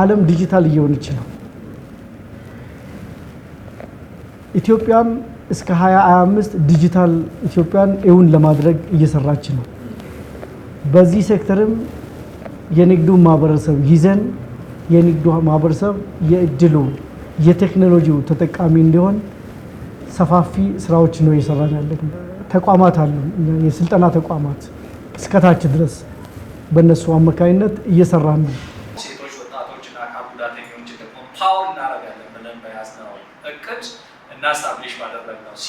ዓለም ዲጂታል እየሆነች ነው። ኢትዮጵያም እስከ 2025 ዲጂታል ኢትዮጵያን እውን ለማድረግ እየሰራች ነው። በዚህ ሴክተርም የንግዱ ማህበረሰብ ይዘን የንግዱ ማህበረሰብ የእድሉ የቴክኖሎጂው ተጠቃሚ እንዲሆን ሰፋፊ ስራዎች ነው እየሰራን ያለን። ተቋማት አሉ፣ የስልጠና ተቋማት እስከታች ድረስ በእነሱ አማካኝነት እየሰራን ነው።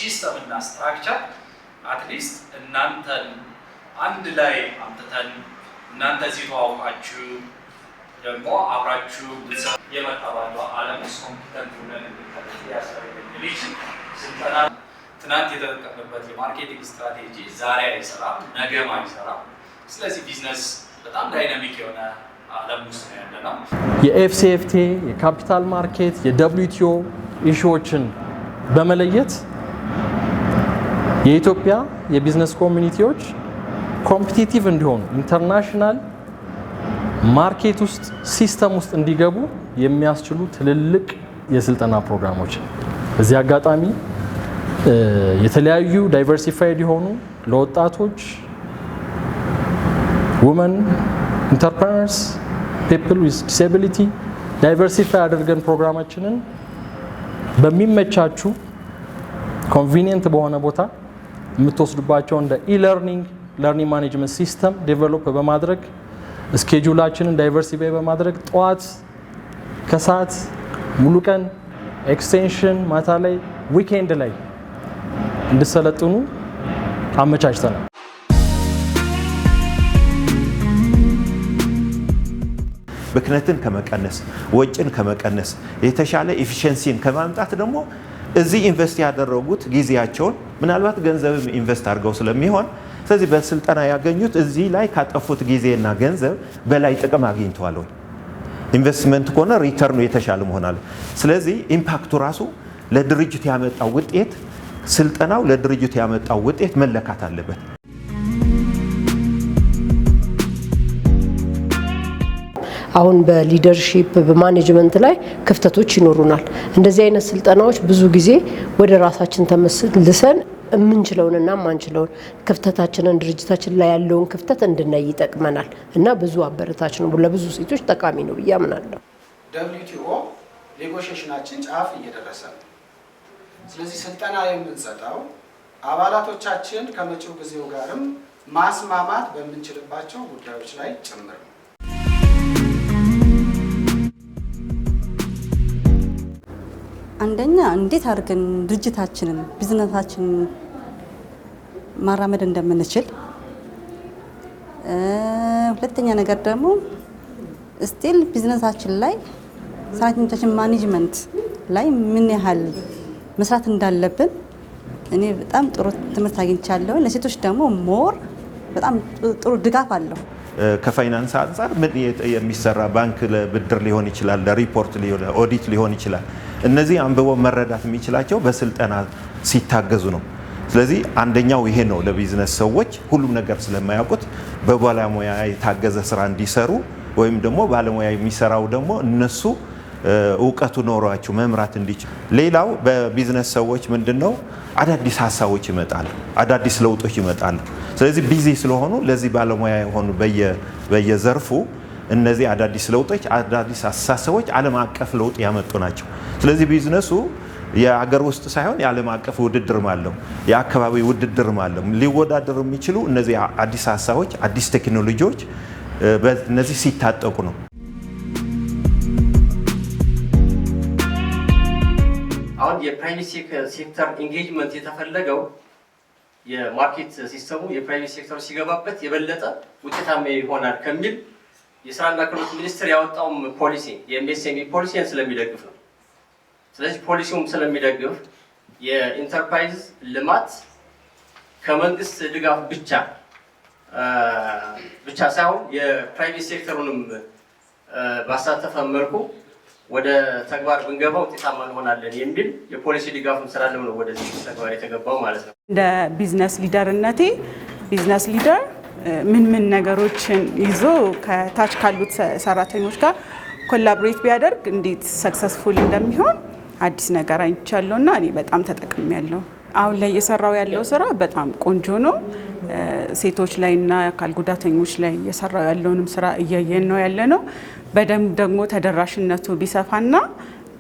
ሲስተም እና ስትራክቸር አትሊስት እናንተን አንድ ላይ አምጥተን እናንተ እዚህ ተዋውቃችሁ ደግሞ አብራችሁ የመጣ ባለው ዓለም ውስጥ ኮምፒተንት ሆነን ያስፈልግልች ስልጠና ትናንት የተጠቀምበት የማርኬቲንግ ስትራቴጂ ዛሬ አይሰራም፣ ነገም አይሰራም። ስለዚህ ቢዝነስ በጣም ዳይናሚክ የሆነ ዓለም ውስጥ ነው ያለ ነው። የኤፍሲኤፍቲ የካፒታል ማርኬት የደብሊውቲኦ ኢሹዎችን በመለየት የኢትዮጵያ የቢዝነስ ኮሚኒቲዎች ኮምፒቲቲቭ እንዲሆኑ ኢንተርናሽናል ማርኬት ውስጥ ሲስተም ውስጥ እንዲገቡ የሚያስችሉ ትልልቅ የስልጠና ፕሮግራሞች። በዚህ አጋጣሚ የተለያዩ ዳይቨርሲፋይድ የሆኑ ለወጣቶች ውመን ኢንተርፕረነርስ ፒፕል ዊዝ ዲስቢሊቲ ዳይቨርሲፋይ አድርገን ፕሮግራማችንን በሚመቻቹ ኮንቪኒየንት በሆነ ቦታ የምትወስዱባቸው እንደ ኢለርኒንግ ለርኒንግ ማኔጅመንት ሲስተም ዴቨሎፕ በማድረግ ስኬጁላችንን ዳይቨርሲፋይ በማድረግ ጠዋት ከሰዓት ሙሉ ቀን ኤክስቴንሽን ማታ ላይ ዊኬንድ ላይ እንድሰለጥኑ አመቻችተናል። ብክነትን ከመቀነስ ወጭን ከመቀነስ የተሻለ ኤፊሽንሲን ከማምጣት ደግሞ እዚህ ኢንቨስት ያደረጉት ጊዜያቸውን ምናልባት ገንዘብም ኢንቨስት አድርገው ስለሚሆን ስለዚህ በስልጠና ያገኙት እዚህ ላይ ካጠፉት ጊዜና ገንዘብ በላይ ጥቅም አግኝተዋል ወይ? ኢንቨስትመንት ከሆነ ሪተርኑ የተሻለ መሆናል። ስለዚህ ኢምፓክቱ ራሱ ለድርጅት ያመጣው ውጤት ስልጠናው ለድርጅቱ ያመጣው ውጤት መለካት አለበት። አሁን በሊደርሺፕ በማኔጅመንት ላይ ክፍተቶች ይኖሩናል። እንደዚህ አይነት ስልጠናዎች ብዙ ጊዜ ወደ ራሳችን ተመልሰን የምንችለውንና ማንችለውን ክፍተታችንን ድርጅታችን ላይ ያለውን ክፍተት እንድናይ ይጠቅመናል እና ብዙ አበረታች ነው፣ ለብዙ ሴቶች ጠቃሚ ነው ብዬ አምናለሁ። ደብሊውቲኦ ኔጎሽሽናችን ጫፍ እየደረሰ ነው። ስለዚህ ስልጠና የምንሰጠው አባላቶቻችን ከመጪው ጊዜው ጋርም ማስማማት በምንችልባቸው ጉዳዮች ላይ ጭምር ነው። አንደኛ እንዴት አድርገን ድርጅታችንን ቢዝነሳችንን ማራመድ እንደምንችል፣ ሁለተኛ ነገር ደግሞ ስቲል ቢዝነሳችን ላይ ሰራተኞቻችን ማኔጅመንት ላይ ምን ያህል መስራት እንዳለብን እኔ በጣም ጥሩ ትምህርት አግኝቻለሁ። ለሴቶች ደግሞ ሞር በጣም ጥሩ ድጋፍ አለው። ከፋይናንስ አንጻር ምን የሚሰራ ባንክ ለብድር ሊሆን ይችላል፣ ለሪፖርት ኦዲት ሊሆን ይችላል እነዚህ አንብበው መረዳት የሚችላቸው በስልጠና ሲታገዙ ነው። ስለዚህ አንደኛው ይሄ ነው። ለቢዝነስ ሰዎች ሁሉም ነገር ስለማያውቁት በባለሙያ የታገዘ ስራ እንዲሰሩ ወይም ደግሞ ባለሙያ የሚሰራው ደግሞ እነሱ እውቀቱ ኖሯቸው መምራት እንዲችሉ። ሌላው በቢዝነስ ሰዎች ምንድን ነው አዳዲስ ሀሳቦች ይመጣሉ፣ አዳዲስ ለውጦች ይመጣሉ። ስለዚህ ቢዚ ስለሆኑ ለዚህ ባለሙያ የሆኑ በየዘርፉ እነዚህ አዳዲስ ለውጦች፣ አዳዲስ አስተሳሰቦች ዓለም አቀፍ ለውጥ ያመጡ ናቸው። ስለዚህ ቢዝነሱ የአገር ውስጥ ሳይሆን የዓለም አቀፍ ውድድርም አለው፣ የአካባቢ ውድድርም አለው። ሊወዳደሩ የሚችሉ እነዚህ አዲስ ሀሳቦች፣ አዲስ ቴክኖሎጂዎች በእነዚህ ሲታጠቁ ነው። አሁን የፕራይቬት ሴክተር ኢንጌጅመንት የተፈለገው የማርኬት ሲስተሙ የፕራይቬት ሴክተሩ ሲገባበት የበለጠ ውጤታማ ይሆናል ከሚል የስራና ክህሎት ሚኒስቴር ያወጣውም ፖሊሲ የኤምኤስኤምኢ ፖሊሲን ስለሚደግፍ ነው። ስለዚህ ፖሊሲውም ስለሚደግፍ የኢንተርፕራይዝ ልማት ከመንግስት ድጋፍ ብቻ ብቻ ሳይሆን የፕራይቬት ሴክተሩንም ባሳተፈ መልኩ ወደ ተግባር ብንገባ ውጤታማ እንሆናለን የሚል የፖሊሲ ድጋፍ ስላለም ነው ወደዚህ ተግባር የተገባው ማለት ነው። እንደ ቢዝነስ ሊደርነቴ ቢዝነስ ሊደር ምን ምን ነገሮችን ይዞ ከታች ካሉት ሰራተኞች ጋር ኮላብሬት ቢያደርግ እንዴት ሰክሰስፉል እንደሚሆን አዲስ ነገር አይቻለሁ እና እኔ በጣም ተጠቅም ያለው አሁን ላይ እየሰራው ያለው ስራ በጣም ቆንጆ ነው። ሴቶች ላይ እና አካል ጉዳተኞች ላይ እየሰራው ያለውንም ስራ እያየን ነው ያለ ነው። በደንብ ደግሞ ተደራሽነቱ ቢሰፋና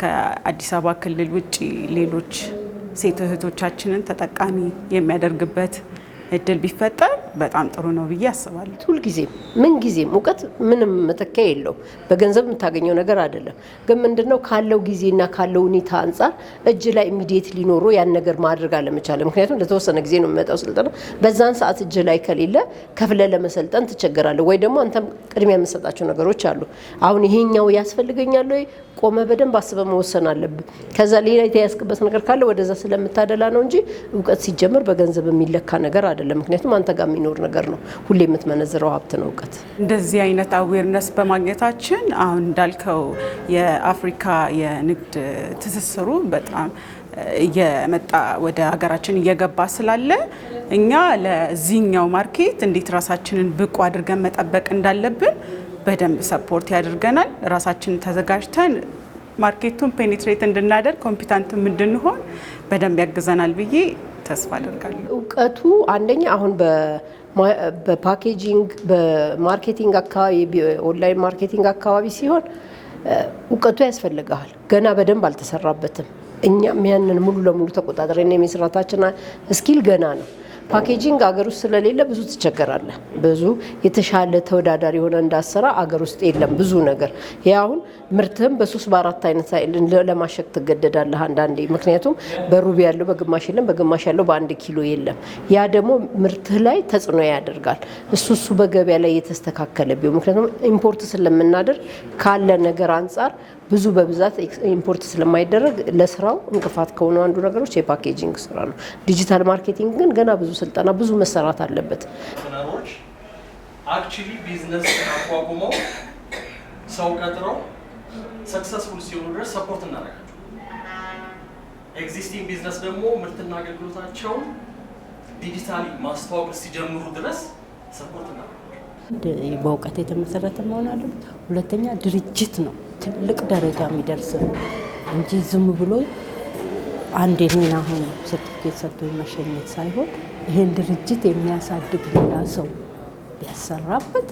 ከአዲስ አበባ ክልል ውጭ ሌሎች ሴት እህቶቻችንን ተጠቃሚ የሚያደርግበት እድል ቢፈጠር በጣም ጥሩ ነው ብዬ አስባለሁ። ሁልጊዜ ምን ጊዜም እውቀት ምንም መተኪያ የለው። በገንዘብ የምታገኘው ነገር አይደለም። ግን ምንድነው ካለው ጊዜና ካለው ሁኔታ አንጻር እጅ ላይ ኢሚዲየት ሊኖሮ ያን ነገር ማድረግ አለመቻለ። ምክንያቱም ለተወሰነ ጊዜ ነው የሚመጣው ስልጠና። በዛን ሰዓት እጅ ላይ ከሌለ ከፍለ ለመሰልጠን ትቸገራለህ። ወይ ደግሞ አንተም ቅድሚያ የምሰጣቸው ነገሮች አሉ። አሁን ይሄኛው ያስፈልገኛል ወይ ቆመ በደንብ አስበ መወሰን አለብህ። ከዛ ሌላ የተያዝክበት ነገር ካለ ወደዛ ስለምታደላ ነው እንጂ እውቀት ሲጀመር በገንዘብ የሚለካ ነገር አለ አይደለም። ምክንያቱም አንተ ጋር የሚኖር ነገር ነው። ሁሌ የምትመነዝረው ሀብት ነው እውቀት። እንደዚህ አይነት አዌርነስ በማግኘታችን አሁን እንዳልከው የአፍሪካ የንግድ ትስስሩ በጣም እየመጣ ወደ ሀገራችን እየገባ ስላለ እኛ ለዚህኛው ማርኬት እንዴት ራሳችንን ብቁ አድርገን መጠበቅ እንዳለብን በደንብ ሰፖርት ያደርገናል። ራሳችንን ተዘጋጅተን ማርኬቱን ፔኔትሬት እንድናደርግ ኮምፒታንትም እንድንሆን በደንብ ያግዘናል ብዬ ተስፋ አደርጋለሁ። እውቀቱ አንደኛ አሁን በፓኬጂንግ በማርኬቲንግ አካባቢ ኦንላይን ማርኬቲንግ አካባቢ ሲሆን እውቀቱ ያስፈልግሃል። ገና በደንብ አልተሰራበትም። እኛም ያንን ሙሉ ለሙሉ ተቆጣጠረን የመስራታችን ስኪል ገና ነው። ፓኬጂንግ አገር ውስጥ ስለሌለ ብዙ ትቸገራለ ብዙ የተሻለ ተወዳዳሪ የሆነ እንዳሰራ አገር ውስጥ የለም ብዙ ነገር። ይህ አሁን ምርትህም በሶስት በአራት አይነት ለማሸግ ትገደዳለህ አንዳንዴ። ምክንያቱም በሩብ ያለው በግማሽ የለም፣ በግማሽ ያለው በአንድ ኪሎ የለም። ያ ደግሞ ምርትህ ላይ ተጽዕኖ ያደርጋል። እሱ እሱ በገበያ ላይ የተስተካከለ ቢሆን ምክንያቱም ኢምፖርት ስለምናደርግ ካለ ነገር አንጻር ብዙ በብዛት ኢምፖርት ስለማይደረግ ለስራው እንቅፋት ከሆኑ አንዱ ነገሮች የፓኬጂንግ ስራ ነው። ዲጂታል ማርኬቲንግ ግን ገና ብዙ ስልጠና ብዙ መሰራት አለበት። ኢንተርፕረነሮች አክቹሊ ቢዝነስ አቋቁመው ሰው ቀጥረው ሰክሰስፉል ሲሆኑ ድረስ ሰፖርት እናደርጋቸው። ኤግዚስቲንግ ቢዝነስ ደግሞ ምርትና አገልግሎታቸው ዲጂታሊ ማስተዋወቅ ሲጀምሩ ድረስ ሰፖርት እናደርጋቸው። በእውቀት የተመሰረተ መሆን አለበት። ሁለተኛ ድርጅት ነው ትልቅ ደረጃ የሚደርስ ነው እንጂ ዝም ብሎ አንድ የሚና ሆኖ ሰርቲፊኬት ሰጥቶ መሸኘት ሳይሆን ይህን ድርጅት የሚያሳድግ ሌላ ሰው ቢያሰራበት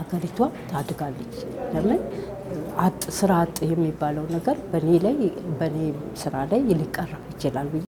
አገሪቷ ታድጋለች። ለምን አጥ ስራ አጥ የሚባለው ነገር በእኔ ላይ በእኔ ስራ ላይ ሊቀረፍ ይችላል።